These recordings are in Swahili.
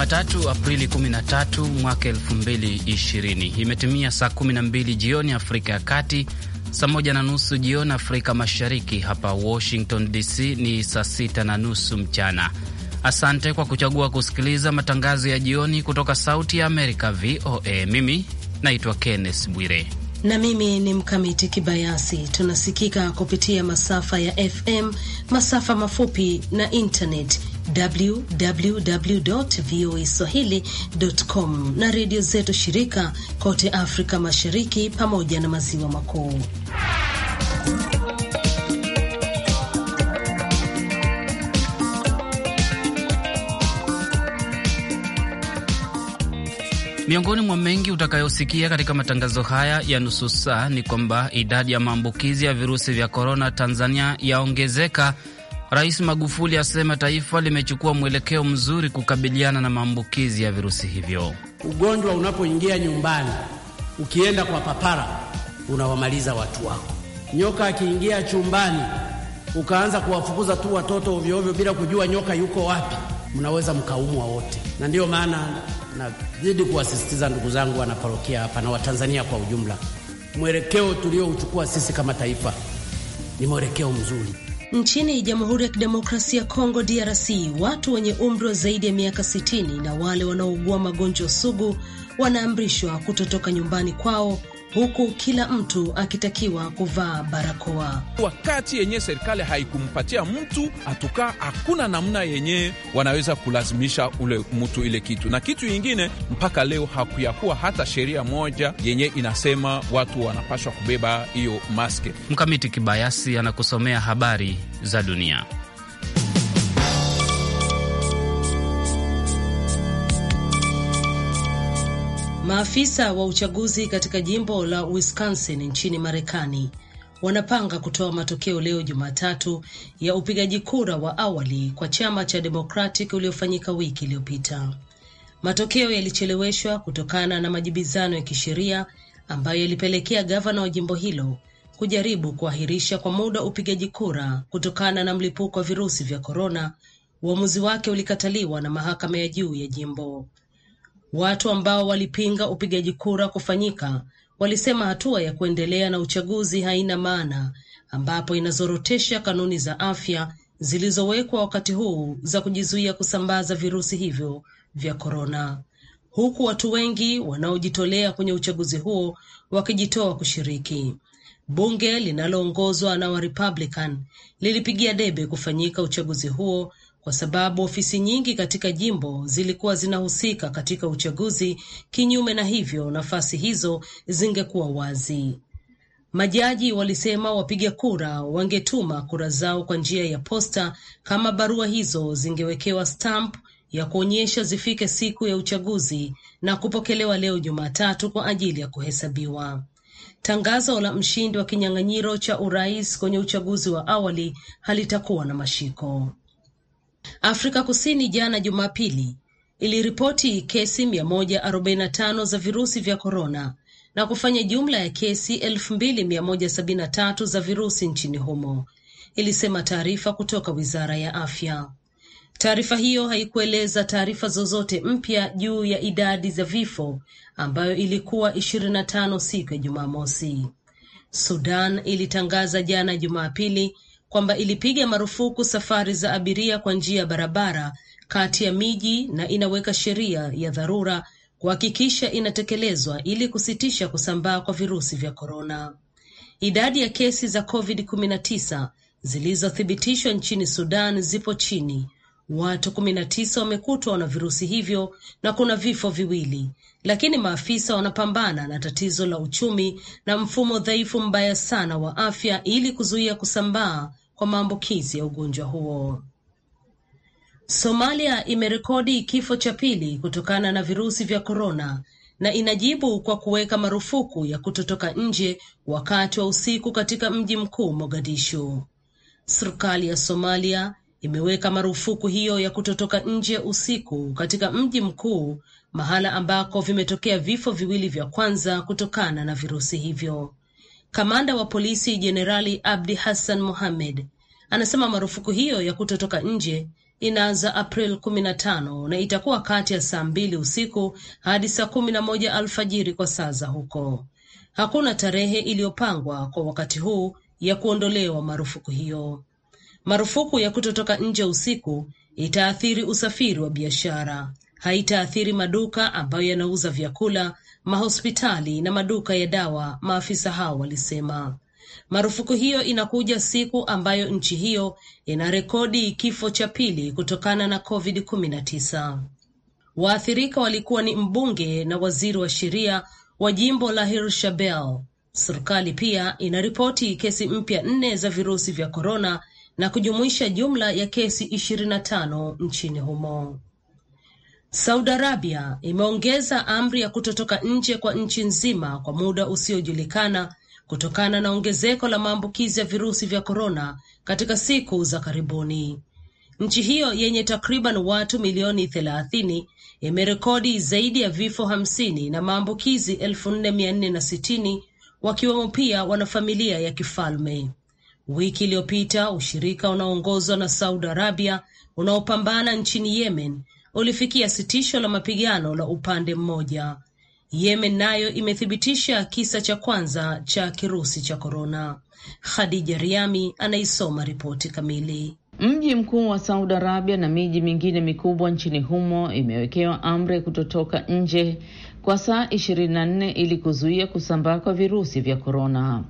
Jumatatu, Aprili 13 mwaka 2020, imetimia saa 12 jioni Afrika ya Kati, saa moja na nusu jioni Afrika Mashariki. Hapa Washington DC ni saa sita na nusu mchana. Asante kwa kuchagua kusikiliza matangazo ya jioni kutoka Sauti ya Amerika, VOA. Mimi naitwa Kenneth Bwire na mimi ni Mkamiti Kibayasi. Tunasikika kupitia masafa ya FM, masafa mafupi na internet swahilicom na redio zetu shirika kote Afrika Mashariki pamoja na Maziwa Makuu. Miongoni mwa mengi utakayosikia katika matangazo haya ya nusu saa ni kwamba idadi ya maambukizi ya virusi vya korona Tanzania yaongezeka. Rais Magufuli asema taifa limechukua mwelekeo mzuri kukabiliana na maambukizi ya virusi hivyo. Ugonjwa unapoingia nyumbani, ukienda kwa papara, unawamaliza watu wako. Nyoka akiingia chumbani, ukaanza kuwafukuza tu watoto ovyoovyo bila kujua nyoka yuko wapi mnaweza mkaumwa wote, na ndiyo maana nazidi kuwasisitiza ndugu zangu wanaparokia hapa na Watanzania kwa ujumla, mwelekeo tuliouchukua sisi kama taifa ni mwelekeo mzuri. Nchini Jamhuri ya Kidemokrasia ya Kongo, DRC, watu wenye umri wa zaidi ya miaka 60 na wale wanaougua magonjwa sugu wanaamrishwa kutotoka nyumbani kwao huku kila mtu akitakiwa kuvaa barakoa. Wakati yenye serikali haikumpatia mtu atukaa, hakuna namna yenye wanaweza kulazimisha ule mtu ile kitu. Na kitu ingine, mpaka leo hakuyakuwa hata sheria moja yenye inasema watu wanapashwa kubeba hiyo maske. Mkamiti Kibayasi anakusomea habari za dunia. Maafisa wa uchaguzi katika jimbo la Wisconsin nchini Marekani wanapanga kutoa matokeo leo Jumatatu ya upigaji kura wa awali kwa chama cha Democratic uliofanyika wiki iliyopita. Matokeo yalicheleweshwa kutokana na majibizano ya kisheria ambayo yalipelekea gavana wa jimbo hilo kujaribu kuahirisha kwa muda upigaji kura kutokana na mlipuko wa virusi vya korona. Uamuzi wake ulikataliwa na mahakama ya juu ya jimbo. Watu ambao walipinga upigaji kura kufanyika walisema hatua ya kuendelea na uchaguzi haina maana, ambapo inazorotesha kanuni za afya zilizowekwa wakati huu za kujizuia kusambaza virusi hivyo vya korona, huku watu wengi wanaojitolea kwenye uchaguzi huo wakijitoa kushiriki. Bunge linaloongozwa na Warepublican lilipigia debe kufanyika uchaguzi huo kwa sababu ofisi nyingi katika jimbo zilikuwa zinahusika katika uchaguzi. Kinyume na hivyo, nafasi hizo zingekuwa wazi. Majaji walisema wapiga kura wangetuma kura zao kwa njia ya posta kama barua hizo zingewekewa stamp ya kuonyesha zifike siku ya uchaguzi na kupokelewa leo Jumatatu kwa ajili ya kuhesabiwa. Tangazo la mshindi wa kinyang'anyiro cha urais kwenye uchaguzi wa awali halitakuwa na mashiko. Afrika Kusini jana Jumapili iliripoti kesi 145 za virusi vya korona na kufanya jumla ya kesi elfu za virusi nchini humo, ilisema taarifa kutoka wizara ya afya. Taarifa hiyo haikueleza taarifa zozote mpya juu ya idadi za vifo ambayo ilikuwa 25 siku ya Jumamosi. Sudan ilitangaza jana Jumapili kwamba ilipiga marufuku safari za abiria kwa njia ya barabara kati ya miji na inaweka sheria ya dharura kuhakikisha inatekelezwa ili kusitisha kusambaa kwa virusi vya korona. Idadi ya kesi za COVID-19 zilizothibitishwa nchini Sudan zipo chini. Watu 19 wamekutwa na virusi hivyo na kuna vifo viwili, lakini maafisa wanapambana na tatizo la uchumi na mfumo dhaifu mbaya sana wa afya ili kuzuia kusambaa kwa maambukizi ya ugonjwa huo. Somalia imerekodi kifo cha pili kutokana na virusi vya korona na inajibu kwa kuweka marufuku ya kutotoka nje wakati wa usiku katika mji mkuu Mogadishu. Serikali ya Somalia imeweka marufuku hiyo ya kutotoka nje usiku katika mji mkuu, mahala ambako vimetokea vifo viwili vya kwanza kutokana na virusi hivyo. Kamanda wa polisi Jenerali Abdi Hassan Mohamed anasema marufuku hiyo ya kutotoka nje inaanza April kumi na tano na itakuwa kati ya saa mbili usiku hadi saa kumi na moja alfajiri kwa saa za huko. Hakuna tarehe iliyopangwa kwa wakati huu ya kuondolewa marufuku hiyo. Marufuku ya kutotoka nje usiku itaathiri usafiri wa biashara, haitaathiri maduka ambayo yanauza vyakula mahospitali na maduka ya dawa, maafisa hao walisema. Marufuku hiyo inakuja siku ambayo nchi hiyo ina rekodi kifo cha pili kutokana na COVID-19. Waathirika walikuwa ni mbunge na waziri wa sheria wa jimbo la Hirshabelle. Serikali pia inaripoti kesi mpya nne za virusi vya korona na kujumuisha jumla ya kesi 25 nchini humo. Saudi Arabia imeongeza amri ya kutotoka nje kwa nchi nzima kwa muda usiojulikana kutokana na ongezeko la maambukizi ya virusi vya korona katika siku za karibuni. Nchi hiyo yenye takriban watu milioni thelathini imerekodi zaidi ya vifo hamsini na maambukizi 4460 na sitini wakiwemo pia wanafamilia ya kifalme. Wiki iliyopita ushirika unaoongozwa na Saudi Arabia unaopambana nchini Yemen ulifikia sitisho la mapigano la upande mmoja. Yemen nayo imethibitisha kisa cha kwanza cha kirusi cha korona. Khadija Riami anaisoma ripoti kamili. Mji mkuu wa Saudi Arabia na miji mingine mikubwa nchini humo imewekewa amri ya kutotoka nje kwa saa 24 ili kuzuia kusambaa kwa virusi vya korona.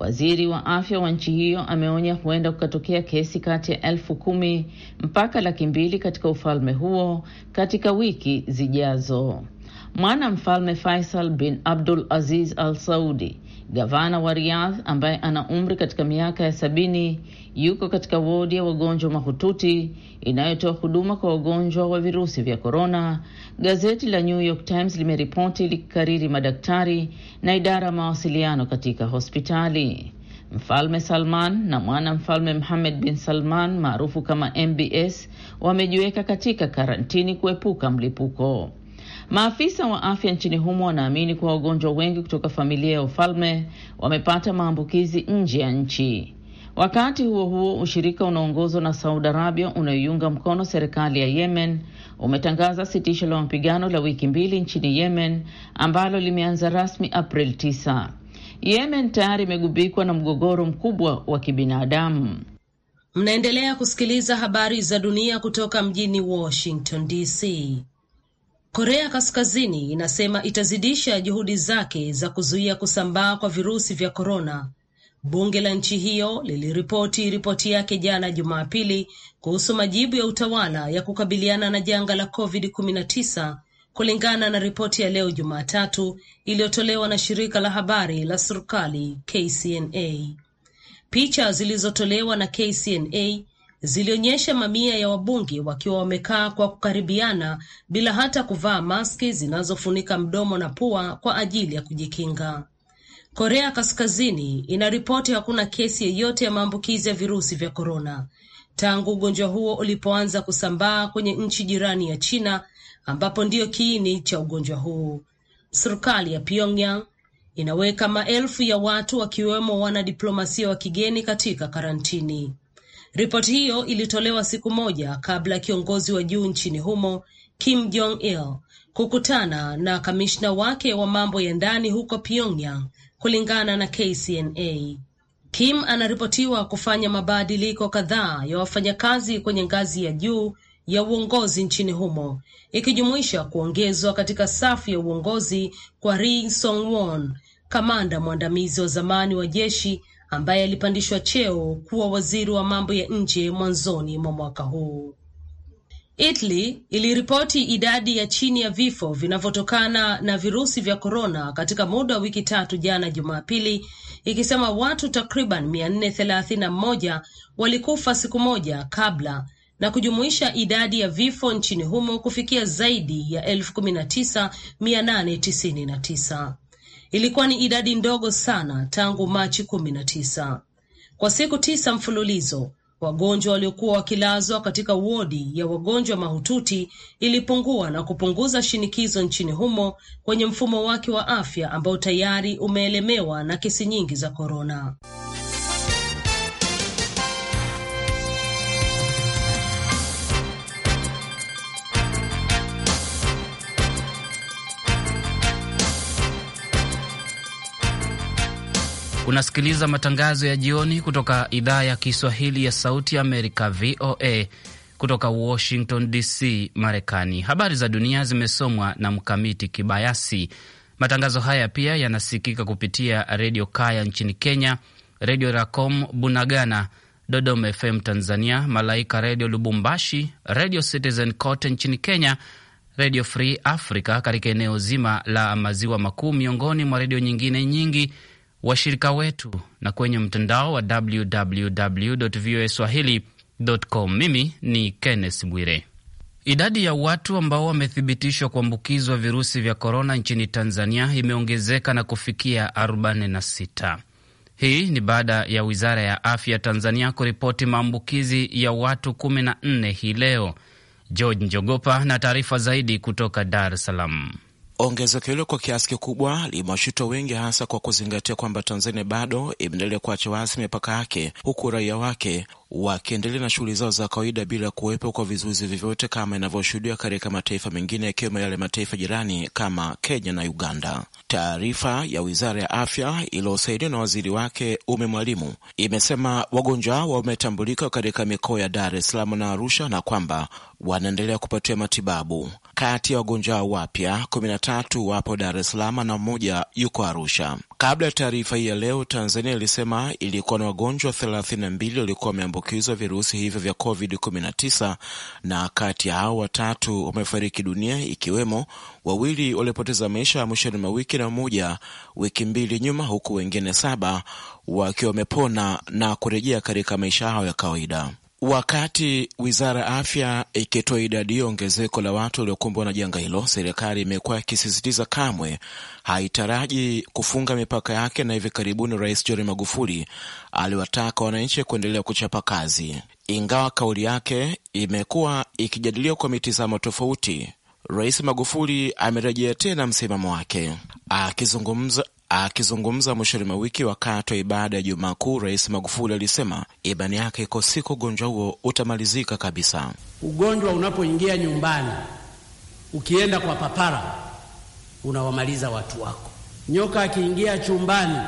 Waziri wa afya wa nchi hiyo ameonya huenda kukatokea kesi kati ya elfu kumi mpaka laki mbili katika ufalme huo katika wiki zijazo. Mwana mfalme Faisal bin Abdul Aziz Al Saudi Gavana wa Riyadh ambaye ana umri katika miaka ya sabini yuko katika wodi ya wagonjwa mahututi inayotoa huduma kwa wagonjwa wa virusi vya korona. Gazeti la New York Times limeripoti likikariri madaktari na idara ya mawasiliano katika hospitali. Mfalme Salman na mwana mfalme Mohammed bin Salman maarufu kama MBS wamejiweka katika karantini kuepuka mlipuko. Maafisa wa afya nchini humo wanaamini kuwa wagonjwa wengi kutoka familia ya ufalme wamepata maambukizi nje ya nchi. Wakati huo huo, ushirika unaoongozwa na Saudi Arabia unaoiunga mkono serikali ya Yemen umetangaza sitisho la mapigano la wiki mbili nchini Yemen ambalo limeanza rasmi April 9. Yemen tayari imegubikwa na mgogoro mkubwa wa kibinadamu. Mnaendelea kusikiliza habari za dunia kutoka mjini Washington DC. Korea Kaskazini inasema itazidisha juhudi zake za kuzuia kusambaa kwa virusi vya korona. Bunge la nchi hiyo liliripoti ripoti yake jana Jumapili kuhusu majibu ya utawala ya kukabiliana na janga la COVID-19 kulingana na ripoti ya leo Jumatatu iliyotolewa na shirika la habari la serikali KCNA. Picha zilizotolewa na KCNA zilionyesha mamia ya wabunge wakiwa wamekaa kwa kukaribiana bila hata kuvaa maski zinazofunika mdomo na pua kwa ajili ya kujikinga. Korea Kaskazini inaripoti hakuna kesi yeyote ya maambukizi ya virusi vya korona tangu ugonjwa huo ulipoanza kusambaa kwenye nchi jirani ya China ambapo ndiyo kiini cha ugonjwa huu. Serikali ya Pyongyang inaweka maelfu ya watu wakiwemo wanadiplomasia wa kigeni katika karantini. Ripoti hiyo ilitolewa siku moja kabla ya kiongozi wa juu nchini humo Kim Jong Il kukutana na kamishna wake wa mambo ya ndani huko Pyongyang, kulingana na KCNA. Kim anaripotiwa kufanya mabadiliko kadhaa ya wafanyakazi kwenye ngazi ya juu ya uongozi nchini humo ikijumuisha kuongezwa katika safu ya uongozi kwa Ri Song Won, kamanda mwandamizi wa zamani wa jeshi ambaye alipandishwa cheo kuwa waziri wa mambo ya nje mwanzoni mwa mwaka huu. Italy iliripoti idadi ya chini ya vifo vinavyotokana na virusi vya korona katika muda wa wiki tatu jana Jumapili, ikisema watu takriban 431 walikufa siku moja kabla na kujumuisha idadi ya vifo nchini humo kufikia zaidi ya elfu kumi na tisa mia nane tisini na tisa ilikuwa ni idadi ndogo sana tangu Machi kumi na tisa. Kwa siku tisa mfululizo, wagonjwa waliokuwa wakilazwa katika wodi ya wagonjwa mahututi ilipungua na kupunguza shinikizo nchini humo kwenye mfumo wake wa afya ambao tayari umeelemewa na kesi nyingi za korona. Unasikiliza matangazo ya jioni kutoka idhaa ya Kiswahili ya Sauti ya Amerika, VOA, kutoka Washington DC, Marekani. Habari za dunia zimesomwa na Mkamiti Kibayasi. Matangazo haya pia yanasikika kupitia Redio Kaya nchini Kenya, Redio Racom Bunagana, Dodoma FM Tanzania, Malaika Redio Lubumbashi, Redio Citizen kote nchini Kenya, Redio Free Africa katika eneo zima la maziwa makuu, miongoni mwa redio nyingine nyingi washirika wetu na kwenye mtandao wa www voa swahili.com. Mimi ni Kenneth Bwire. Idadi ya watu ambao wamethibitishwa kuambukizwa virusi vya korona nchini Tanzania imeongezeka na kufikia 46. Hii ni baada ya wizara ya afya Tanzania kuripoti maambukizi ya watu 14 hii leo. George Njogopa na taarifa zaidi kutoka Dar es Salaam. Ongezeko hilo kwa kiasi kikubwa limewashuta wengi, hasa kwa kuzingatia kwamba Tanzania bado imeendelea kuacha wazi mipaka yake, huku raia wake wakiendelea na shughuli zao za kawaida bila kuwepo kwa vizuizi vyovyote kama inavyoshuhudiwa katika mataifa mengine yakiwemo yale mataifa jirani kama Kenya na Uganda. Taarifa ya Wizara ya Afya iliyosaidiwa na waziri wake Ume Mwalimu imesema wagonjwa wametambulika katika mikoa ya Dar es Salaam na Arusha na kwamba wanaendelea kupatiwa matibabu. Kati ya wagonjwa wapya 13 wapo Dar es Salaam na mmoja yuko Arusha. Kabla ya taarifa hii ya leo, Tanzania ilisema ilikuwa na wagonjwa 32 waliokuwa wameambukizwa virusi hivyo vya COVID-19 na kati ya hao watatu wamefariki dunia, ikiwemo wawili waliopoteza maisha mwishoni mwa wiki na mmoja wiki mbili nyuma, huku wengine saba wakiwa wamepona na kurejea katika maisha yao ya kawaida. Wakati wizara ya afya ikitoa idadi hiyo ongezeko la watu waliokumbwa na janga hilo, serikali imekuwa ikisisitiza kamwe haitaraji kufunga mipaka yake, na hivi karibuni Rais John Magufuli aliwataka wananchi kuendelea kuchapa kazi. Ingawa kauli yake imekuwa ikijadiliwa kwa mitizamo tofauti, Rais Magufuli amerejea tena msimamo wake akizungumza Akizungumza mwishoni mwa wiki wakati wa ibada ya Jumaa Kuu, Rais Magufuli alisema imani yake iko siku ugonjwa huo utamalizika kabisa. Ugonjwa unapoingia nyumbani, ukienda kwa papara, unawamaliza watu wako. Nyoka akiingia chumbani,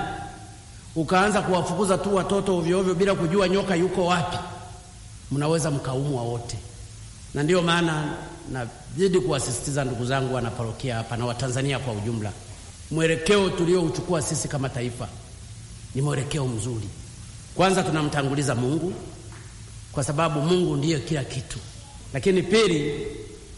ukaanza kuwafukuza tu watoto ovyoovyo bila kujua nyoka yuko wapi, mnaweza mkaumwa wote. Na ndiyo maana nazidi kuwasisitiza ndugu zangu wanaparokia hapa na Watanzania kwa ujumla mwelekeo tuliouchukua sisi kama taifa ni mwelekeo mzuri. Kwanza tunamtanguliza Mungu kwa sababu Mungu ndiye kila kitu, lakini pili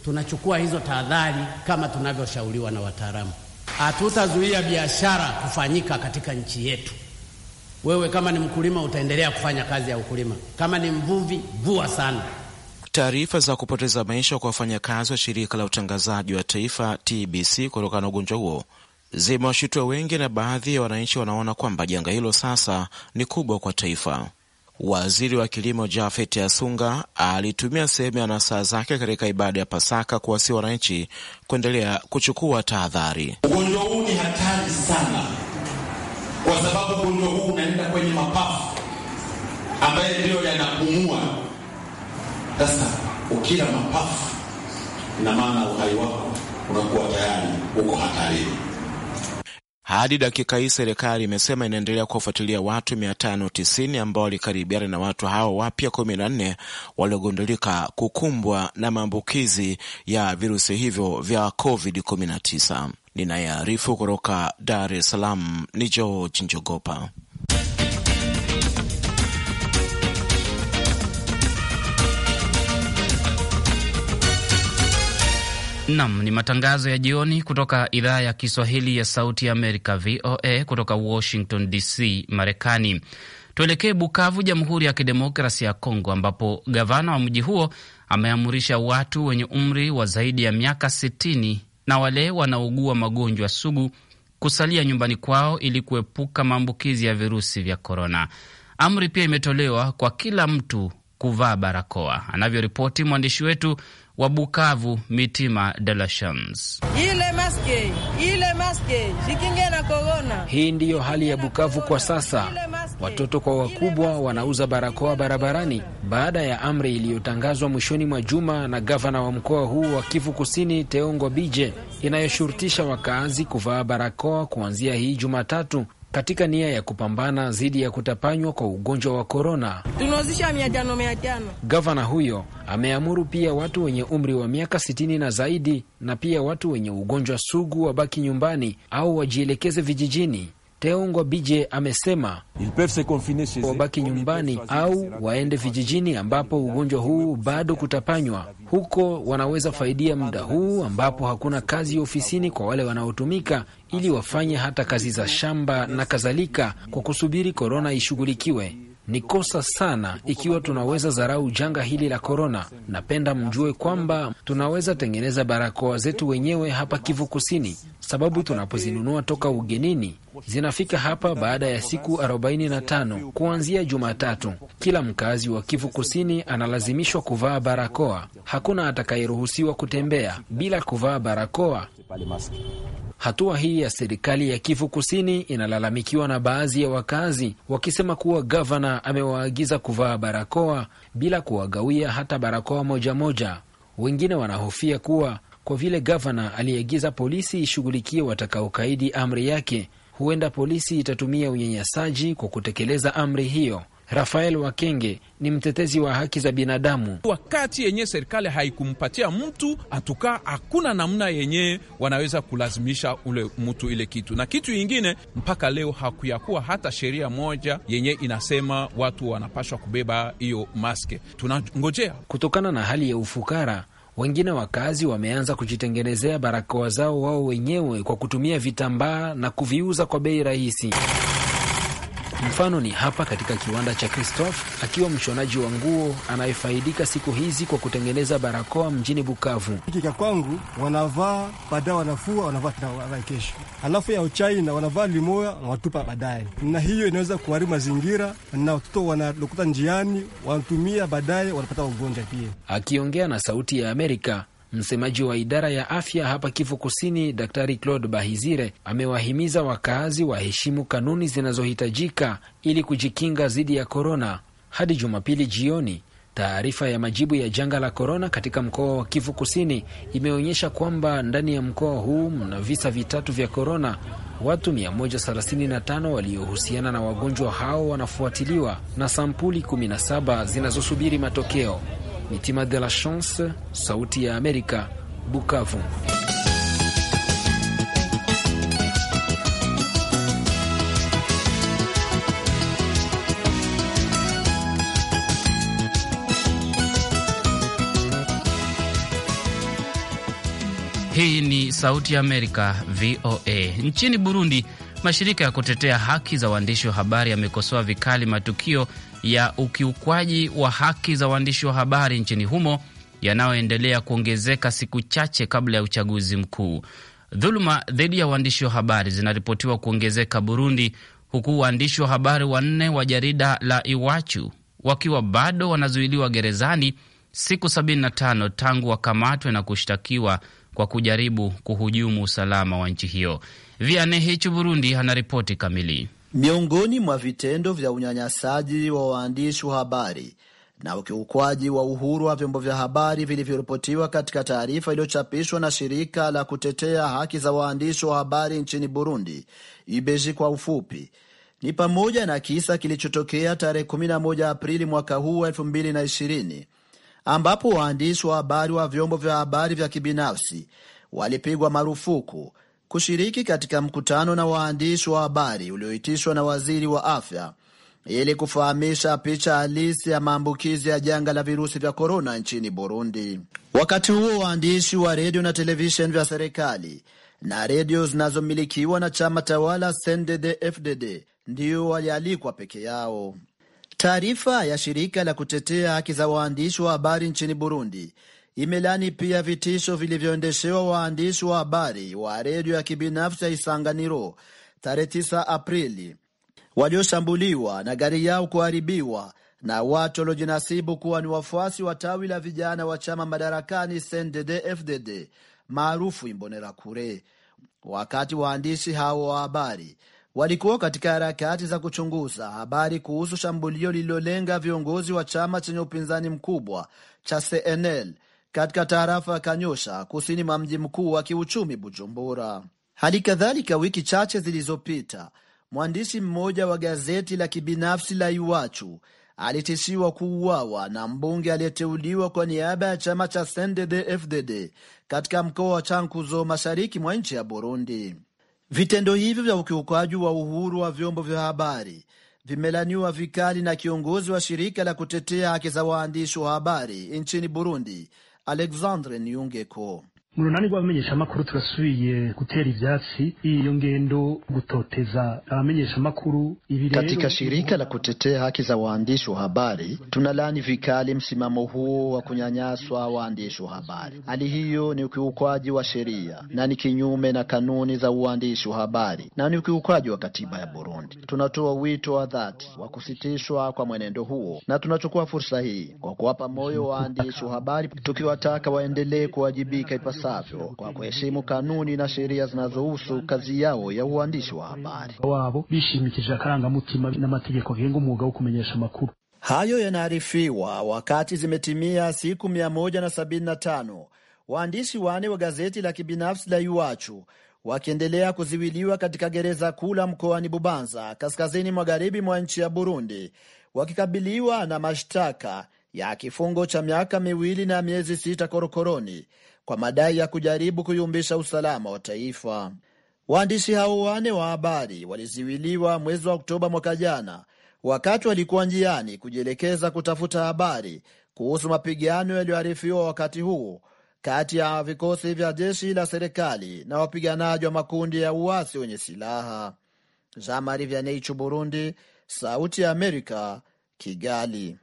tunachukua hizo tahadhari kama tunavyoshauriwa na wataalamu. Hatutazuia biashara kufanyika katika nchi yetu. Wewe kama ni mkulima utaendelea kufanya kazi ya ukulima, kama ni mvuvi vua sana. Taarifa za kupoteza maisha kwa wafanyakazi wa shirika la utangazaji wa taifa TBC kutokana na ugonjwa huo zimewashutua wengi, na baadhi ya wananchi wanaona kwamba janga hilo sasa ni kubwa kwa taifa. Waziri wa kilimo Jafet Asunga alitumia sehemu ya nasaa zake katika ibada ya Pasaka kuwasia wananchi kuendelea kuchukua tahadhari. Ugonjwa huu ni hatari sana, kwa sababu ugonjwa huu unaenda kwenye mapafu ambaye ndiyo yanapumua. Sasa ukila mapafu, ina maana uhai wako unakuwa tayari uko hatarini. Hadi dakika hii serikali imesema inaendelea kuwafuatilia watu 590 ambao walikaribiana na watu hao wapya 14 waliogundulika kukumbwa na maambukizi ya virusi hivyo vya COVID-19. Ninayearifu kutoka Dar es Salaam ni George Njogopa. Nam ni matangazo ya jioni kutoka idhaa ya Kiswahili ya Sauti ya Amerika, VOA, kutoka Washington DC, Marekani. Tuelekee Bukavu, Jamhuri ya Kidemokrasia ya Kongo, ambapo gavana wa mji huo ameamurisha watu wenye umri wa zaidi ya miaka 60 na wale wanaougua magonjwa sugu kusalia nyumbani kwao ili kuepuka maambukizi ya virusi vya korona. Amri pia imetolewa kwa kila mtu kuvaa barakoa, anavyoripoti mwandishi wetu wa Bukavu, Mitima de la Ile maske, ile maske, jikinge na korona. Hii ndiyo hali ya Bukavu kwa sasa. Watoto kwa wakubwa wanauza barakoa barabarani baada ya amri iliyotangazwa mwishoni mwa juma na gavana wa mkoa huu wa Kivu Kusini, Teongo Bije, inayoshurutisha wakaazi kuvaa barakoa kuanzia hii Jumatatu katika nia ya kupambana dhidi ya kutapanywa kwa ugonjwa wa korona. Tunahusisha mia tano mia tano. Gavana huyo ameamuru pia watu wenye umri wa miaka sitini na zaidi na pia watu wenye ugonjwa sugu wabaki nyumbani au wajielekeze vijijini. Teongwa Bije amesema wabaki nyumbani au waende vijijini ambapo ugonjwa huu bado kutapanywa. Huko wanaweza faidia muda huu ambapo hakuna kazi ofisini kwa wale wanaotumika, ili wafanye hata kazi za shamba na kadhalika, kwa kusubiri korona ishughulikiwe. Ni kosa sana ikiwa tunaweza dharau janga hili la korona. Napenda mjue kwamba tunaweza tengeneza barakoa zetu wenyewe hapa Kivu Kusini, sababu tunapozinunua toka ugenini zinafika hapa baada ya siku 45 kuanzia Jumatatu. Kila mkazi wa Kivu Kusini analazimishwa kuvaa barakoa. Hakuna atakayeruhusiwa kutembea bila kuvaa barakoa. Hatua hii ya serikali ya Kivu Kusini inalalamikiwa na baadhi ya wakazi wakisema kuwa gavana amewaagiza kuvaa barakoa bila kuwagawia hata barakoa moja moja. Wengine wanahofia kuwa kwa vile gavana aliagiza polisi ishughulikie watakaokaidi amri yake, huenda polisi itatumia unyanyasaji kwa kutekeleza amri hiyo. Rafael Wakenge ni mtetezi wa haki za binadamu. Wakati yenye serikali haikumpatia mtu atukaa, hakuna namna yenye wanaweza kulazimisha ule mtu ile kitu. Na kitu ingine, mpaka leo hakuyakuwa hata sheria moja yenye inasema watu wanapashwa kubeba hiyo maske. Tunangojea. Kutokana na hali ya ufukara, wengine wakazi wameanza kujitengenezea barakoa zao wao wenyewe kwa kutumia vitambaa na kuviuza kwa bei rahisi. Mfano ni hapa katika kiwanda cha Christophe, akiwa mshonaji wa nguo anayefaidika siku hizi kwa kutengeneza barakoa mjini Bukavu. cha kwangu wanavaa baadaye, wanafua wanavaa kesho, alafu ya uchaina wanavaa limoya wanatupa baadaye, na hiyo inaweza kuharibu mazingira na watoto wanalokuta njiani wanatumia baadaye, wanapata ugonjwa pia. Akiongea na Sauti ya Amerika, Msemaji wa idara ya afya hapa Kivu Kusini, Daktari Claude Bahizire amewahimiza wakaazi waheshimu kanuni zinazohitajika ili kujikinga dhidi ya korona. Hadi Jumapili jioni, taarifa ya majibu ya janga la korona katika mkoa wa Kivu Kusini imeonyesha kwamba ndani ya mkoa huu mna visa vitatu vya korona. Watu 135 waliohusiana na wagonjwa hao wanafuatiliwa na sampuli 17 zinazosubiri matokeo. Mitima de la Chance, Sauti ya Amerika, Bukavu. Hii ni Sauti ya Amerika, VOA. Nchini Burundi, mashirika ya kutetea haki za waandishi wa habari yamekosoa vikali matukio ya ukiukwaji wa haki za waandishi wa habari nchini humo yanayoendelea kuongezeka siku chache kabla ya uchaguzi mkuu. Dhuluma dhidi ya waandishi wa habari zinaripotiwa kuongezeka Burundi, huku waandishi wa habari wanne wa jarida la Iwachu wakiwa bado wanazuiliwa gerezani siku 75 tangu wakamatwe na kushtakiwa kwa kujaribu kuhujumu usalama wa nchi hiyo. Vianehichu Burundi, anaripoti kamili. Miongoni mwa vitendo vya unyanyasaji wa waandishi wa habari na ukiukwaji wa uhuru wa vyombo vya habari vilivyoripotiwa katika taarifa iliyochapishwa na shirika la kutetea haki za waandishi wa habari nchini Burundi, IBEJI kwa ufupi, ni pamoja na kisa kilichotokea tarehe 11 Aprili mwaka huu 2020 ambapo waandishi wa habari wa vyombo vya habari vya kibinafsi walipigwa marufuku kushiriki katika mkutano na waandishi wa habari ulioitishwa na waziri wa afya ili kufahamisha picha halisi ya maambukizi ya janga la virusi vya korona nchini Burundi. Wakati huo waandishi wa redio na televisheni vya serikali na redio zinazomilikiwa na chama tawala CNDD-FDD ndio walialikwa peke yao. Taarifa ya shirika la kutetea haki za waandishi wa habari nchini Burundi imelani pia vitisho vilivyoendeshewa waandishi wa habari wa redio ya kibinafsi ya Isanganiro tarehe 9 Aprili, walioshambuliwa na gari yao kuharibiwa na watu waliojinasibu kuwa ni wafuasi wa tawi la vijana wa chama madarakani CNDD-FDD maarufu Imbonerakure. Wakati waandishi hao wa habari walikuwa katika harakati za kuchunguza habari kuhusu shambulio lililolenga viongozi wa chama chenye upinzani mkubwa cha CNL katika tarafa ya Kanyosha kusini mwa mji mkuu wa kiuchumi Bujumbura. Hali kadhalika, wiki chache zilizopita, mwandishi mmoja wa gazeti la kibinafsi la Iwachu alitishiwa kuuawa na mbunge aliyeteuliwa kwa niaba ya chama cha CNDD-FDD katika mkoa wa Chankuzo mashariki mwa nchi ya Burundi. Vitendo hivyo vya ukiukaji wa uhuru wa vyombo vya habari vimelaniwa vikali na kiongozi wa shirika la kutetea haki za waandishi wa habari nchini Burundi, Alexandre Niungeko murunani rw'abamenyesha makuru turasubiye kutera ivyatsi iyo ngendo kutoteza abamenyesha makuru katika shirika la kutetea haki za waandishi wa habari tunalani vikali msimamo huo wa kunyanyaswa waandishi wa habari. Hali hiyo ni ukiukwaji wa sheria na ni kinyume na kanuni za uandishi wa habari na ni ukiukwaji wa katiba ya Burundi. Tunatoa wito wa dhati wa kusitishwa kwa mwenendo huo, na tunachukua fursa hii kwa kuwapa moyo waandishi wa habari, tukiwataka waendelee kuwajibika ipasa ipasavyo kwa kuheshimu kanuni na sheria zinazohusu kazi yao ya uandishi wa habari wabo bishimikije akarangamutima mategeko agenga umwuga wo kumenyesha makuru. hayo yanaarifiwa wakati zimetimia siku 175 waandishi wane wa gazeti la kibinafsi la Iwachu wakiendelea kuziwiliwa katika gereza kuu la mkoani Bubanza, kaskazini magharibi mwa nchi ya Burundi, wakikabiliwa na mashtaka ya kifungo cha miaka miwili na miezi sita korokoroni kwa madai ya kujaribu kuyumbisha usalama wa taifa. Waandishi hao wane wa habari waliziwiliwa mwezi wa Oktoba mwaka jana wakati walikuwa njiani kujielekeza kutafuta habari kuhusu mapigano yaliyoharifiwa wakati huo kati ya vikosi vya jeshi la serikali na wapiganaji wa makundi ya uasi wenye silaha. Jamari vya Neichu, Burundi. Sauti ya Amerika, Kigali.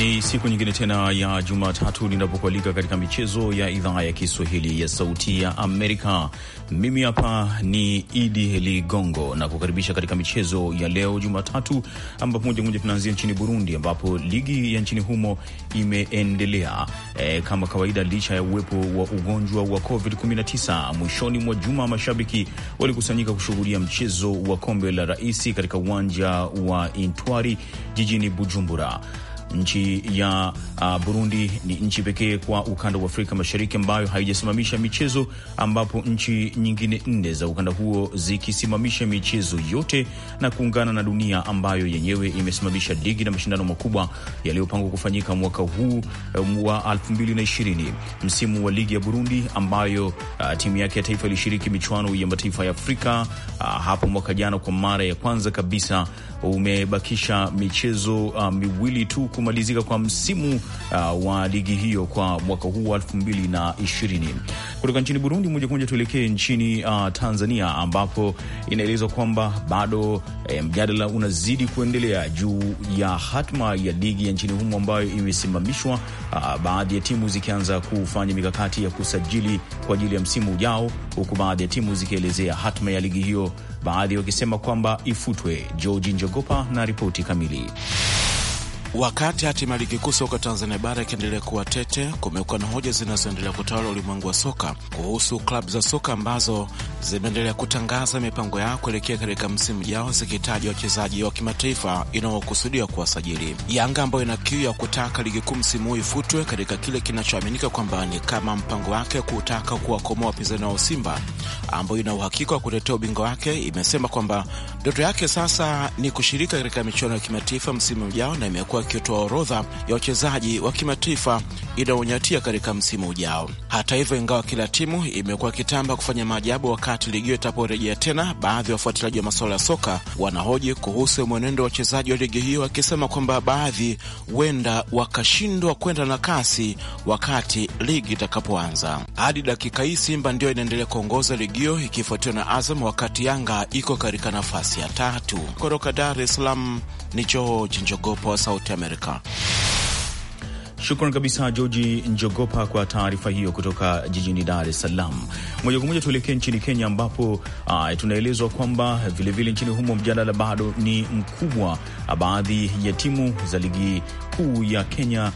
Ni siku nyingine tena ya Jumatatu ninapokualika katika michezo ya idhaa ya Kiswahili ya Sauti ya Amerika. Mimi hapa ni Idi Ligongo na kukaribisha katika michezo ya leo Jumatatu, ambapo moja moja tunaanzia nchini Burundi, ambapo ligi ya nchini humo imeendelea e, kama kawaida, licha ya uwepo wa ugonjwa wa COVID-19. Mwishoni mwa juma mashabiki walikusanyika kushuhudia mchezo wa kombe la raisi katika uwanja wa Intwari jijini Bujumbura. Nchi ya uh, Burundi ni nchi pekee kwa ukanda wa Afrika Mashariki ambayo haijasimamisha michezo, ambapo nchi nyingine nne za ukanda huo zikisimamisha michezo yote na kuungana na dunia ambayo yenyewe imesimamisha ligi na mashindano makubwa yaliyopangwa kufanyika mwaka huu eh, wa 2020 msimu wa ligi ya Burundi ambayo uh, timu yake ya taifa ilishiriki michuano ya mataifa ya Afrika uh, hapo mwaka jana kwa mara ya kwanza kabisa, umebakisha michezo uh, miwili tu kumalizika kwa msimu uh, wa ligi hiyo kwa mwaka huu wa 2020. Kutoka nchini Burundi moja kwa moja tuelekee nchini uh, Tanzania ambapo inaelezwa kwamba bado eh, mjadala unazidi kuendelea juu ya hatma ya ligi ya nchini humo ambayo imesimamishwa, uh, baadhi ya timu zikianza kufanya mikakati ya kusajili kwa ajili ya msimu ujao, huku baadhi ya timu zikielezea hatma ya ligi hiyo, baadhi wakisema kwamba ifutwe. Georgi Njogopa na ripoti kamili. Wakati hatima ligi kuu soka Tanzania bara ikiendelea kuwa tete, kumekuwa na hoja zinazoendelea kutawala ulimwengu wa soka kuhusu klabu za soka ambazo zimeendelea kutangaza mipango yao kuelekea katika msimu ujao, zikitaja wachezaji wa kimataifa inayokusudia kuwasajili. Yanga ambayo ina kiu ya kutaka ligi kuu msimu huu ifutwe katika kile kinachoaminika kwamba ni kama mpango wake kutaka kuwakomoa wapinzani wa Simba ambayo ina uhakika wa kutetea ubingwa wake, imesema kwamba ndoto yake sasa ni kushirika katika michuano ya kimataifa msimu ujao na imekuwa wamekuwa wakitoa orodha ya wachezaji wa kimataifa inaonyatia katika msimu ujao. Hata hivyo, ingawa kila timu imekuwa kitamba kufanya maajabu wakati ligio itaporejea tena, baadhi ya wafuatiliaji wa masuala ya soka wanahoji kuhusu mwenendo wa wachezaji wa ligi hiyo, wakisema kwamba baadhi huenda wakashindwa kwenda na kasi wakati ligi itakapoanza. Hadi dakika hii Simba ndiyo inaendelea kuongoza ligi hiyo ikifuatiwa na Azam, wakati Yanga iko katika nafasi ya tatu. Kutoka Dar es Salaam ni George Njogopa wa Sauti Sauti Amerika. Shukran kabisa Georgi Njogopa kwa taarifa hiyo kutoka jijini Dar es Salaam. Moja kwa moja tuelekee nchini Kenya, ambapo ah, tunaelezwa kwamba vilevile vile nchini humo mjadala bado ni mkubwa, baadhi ya timu za ligi kuu ya Kenya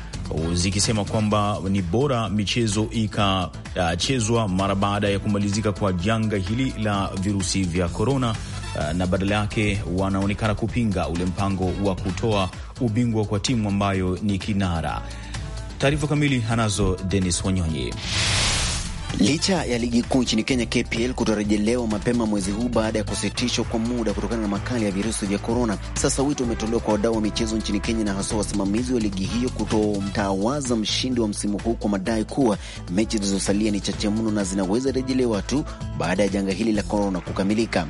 zikisema kwamba ni bora michezo ikachezwa uh, mara baada ya kumalizika kwa janga hili la virusi vya korona, uh, ah, na badala yake wanaonekana kupinga ule mpango wa kutoa ubingwa kwa timu ambayo ni kinara. Taarifa kamili anazo Denis Wanyonyi. Licha ya ligi kuu nchini Kenya KPL kutorejelewa mapema mwezi huu baada ya kusitishwa kwa muda kutokana na makali ya virusi vya korona, sasa wito umetolewa kwa wadau wa michezo nchini Kenya na hasa wasimamizi wa ligi hiyo kutomtawaza mshindi wa msimu huu kwa madai kuwa mechi zilizosalia ni chache mno na zinaweza rejelewa tu baada ya janga hili la korona kukamilika.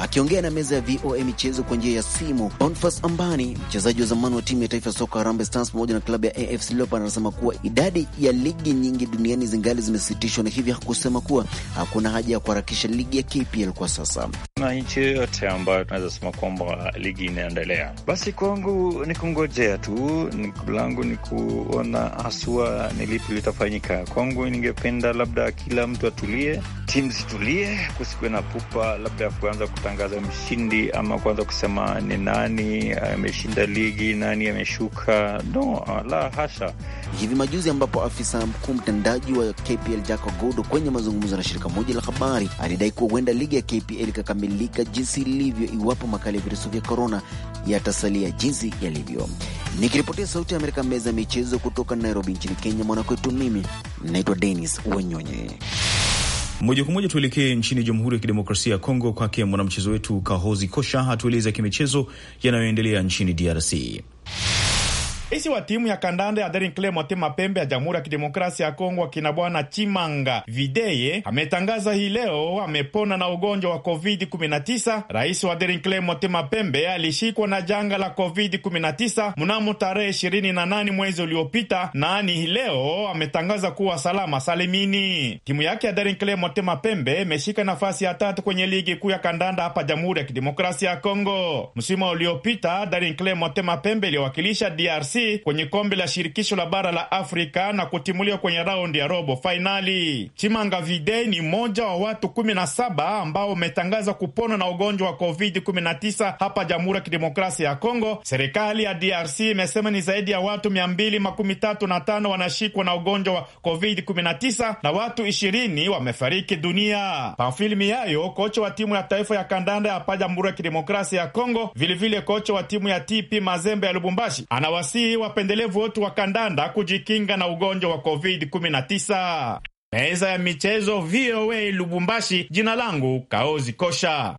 Akiongea na meza ya VOA michezo kwa njia ya simu, Bonfas Ambani, mchezaji wa zamani wa timu ya taifa ya soka Harambee Stars pamoja na klabu ya AFC Leopards, anasema kuwa idadi ya ligi nyingi duniani zingali zimesitishwa na hivyo hakusema kuwa hakuna haja ya kuharakisha ligi ya KPL kwa sasa. Na nchi yoyote ambayo tunaweza sema kwamba ligi inaendelea, basi kwangu ni kungojea tu, langu ni kuona haswa ni lipi litafanyika. Kwangu ningependa labda kila mtu atulie, timu zitulie, kusikuwe na pupa labda ya kuanza kutangaza mshindi ama kuanza kusema ni nani ameshinda ligi, nani ameshuka. No, la hasha. Hivi majuzi ambapo afisa mkuu mtendaji wa KPL Jack Ogodo kwenye mazungumzo na shirika moja la habari alidai kuwa huenda ligi ya KPL ikakamilika jinsi ilivyo iwapo makali ya virusi vya korona yatasalia jinsi yalivyo. Nikiripotia Sauti ya Amerika, meza ya michezo kutoka Nairobi nchini Kenya, mwanakwetu, mimi naitwa Denis Wenyonye. Moja kwa moja tuelekee nchini Jamhuri ya Kidemokrasia ya Kongo, kwake mwanamchezo wetu Kahozi Kosha atueleza kimichezo yanayoendelea nchini DRC. Rais wa timu ya kandanda ya Daring Club Motema Pembe ya Jamhuri ya Kidemokrasia ya Kongo akina bwana Chimanga Videye ametangaza hii leo amepona na ugonjwa wa COVID-19. Rais wa Daring Club Motema Pembe alishikwa na janga la COVID-19 mnamo tarehe 28 mwezi uliopita, naani hii leo ametangaza kuwa salama salimini. Timu yake ya Daring Club Motema Pembe imeshika nafasi ya tatu kwenye ligi kuu ya kandanda hapa Jamhuri ya Kidemokrasia ya Kongo. Msimu uliopita Daring Club Motema Pembe iliyowakilisha DRC kwenye kombe la shirikisho la bara la Afrika na kutimuliwa kwenye raundi ya robo fainali. Chimanga Vide ni mmoja wa watu 17 ambao wametangaza kupona na ugonjwa wa COVID-19 hapa Jamhuri ya Kidemokrasia ya Kongo. Serikali ya DRC imesema ni zaidi ya watu 235 wanashikwa na ugonjwa wa COVID-19 na watu 20 wamefariki dunia. Pamfilmi yayo kocha wa timu ya taifa ya kandanda hapa Jamhuri ya Kidemokrasia ya Kongo, vilevile kocha wa timu ya TP Mazembe ya Lubumbashi anawasi kuwasihi wapendelevu wote wa kandanda kujikinga na ugonjwa wa COVID-19. Meza ya michezo VOA Lubumbashi, jina langu Kaozi Kosha.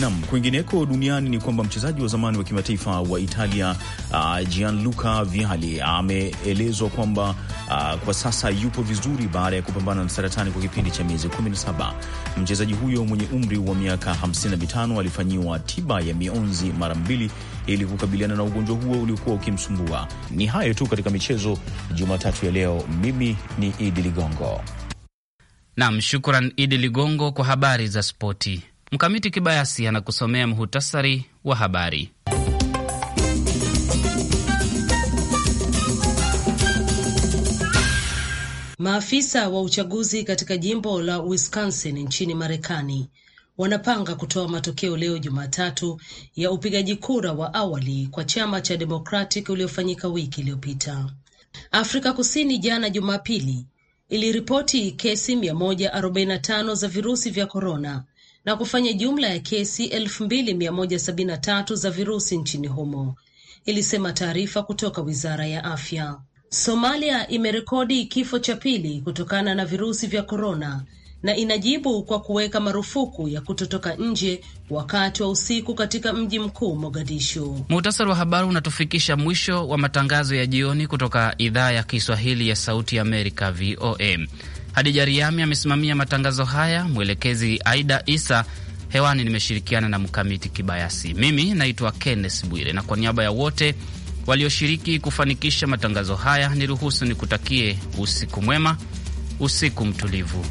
Nam, kwingineko duniani ni kwamba mchezaji wa zamani wa kimataifa wa Italia uh, Gianluca Vialli ameelezwa kwamba uh, kwa sasa yupo vizuri baada ya kupambana na saratani kwa kipindi cha miezi 17. Mchezaji huyo mwenye umri wa miaka 55 alifanyiwa tiba ya mionzi mara mbili ili kukabiliana na ugonjwa huo uliokuwa ukimsumbua. Ni hayo tu katika michezo Jumatatu ya leo. Mimi ni Idi Ligongo. Nam, shukran Idi Ligongo kwa habari za spoti. Mkamiti Kibayasi anakusomea muhutasari wa habari. Maafisa wa uchaguzi katika jimbo la Wisconsin nchini Marekani wanapanga kutoa matokeo leo Jumatatu ya upigaji kura wa awali kwa chama cha Democratic uliofanyika wiki iliyopita. Afrika Kusini jana Jumapili iliripoti kesi 145 za virusi vya korona na kufanya jumla ya kesi 2173 za virusi nchini humo, ilisema taarifa kutoka wizara ya afya. Somalia imerekodi kifo cha pili kutokana na virusi vya korona na inajibu kwa kuweka marufuku ya kutotoka nje wakati wa usiku katika mji mkuu Mogadishu. Muhtasari wa habari unatufikisha mwisho wa matangazo ya jioni kutoka idhaa ya Kiswahili ya Sauti ya Amerika, VOA. Hadija Riami amesimamia matangazo haya, mwelekezi Aida Isa. Hewani nimeshirikiana na Mkamiti Kibayasi. Mimi naitwa Kenneth Bwire, na kwa niaba ya wote walioshiriki kufanikisha matangazo haya, niruhusu nikutakie usiku mwema, usiku mtulivu.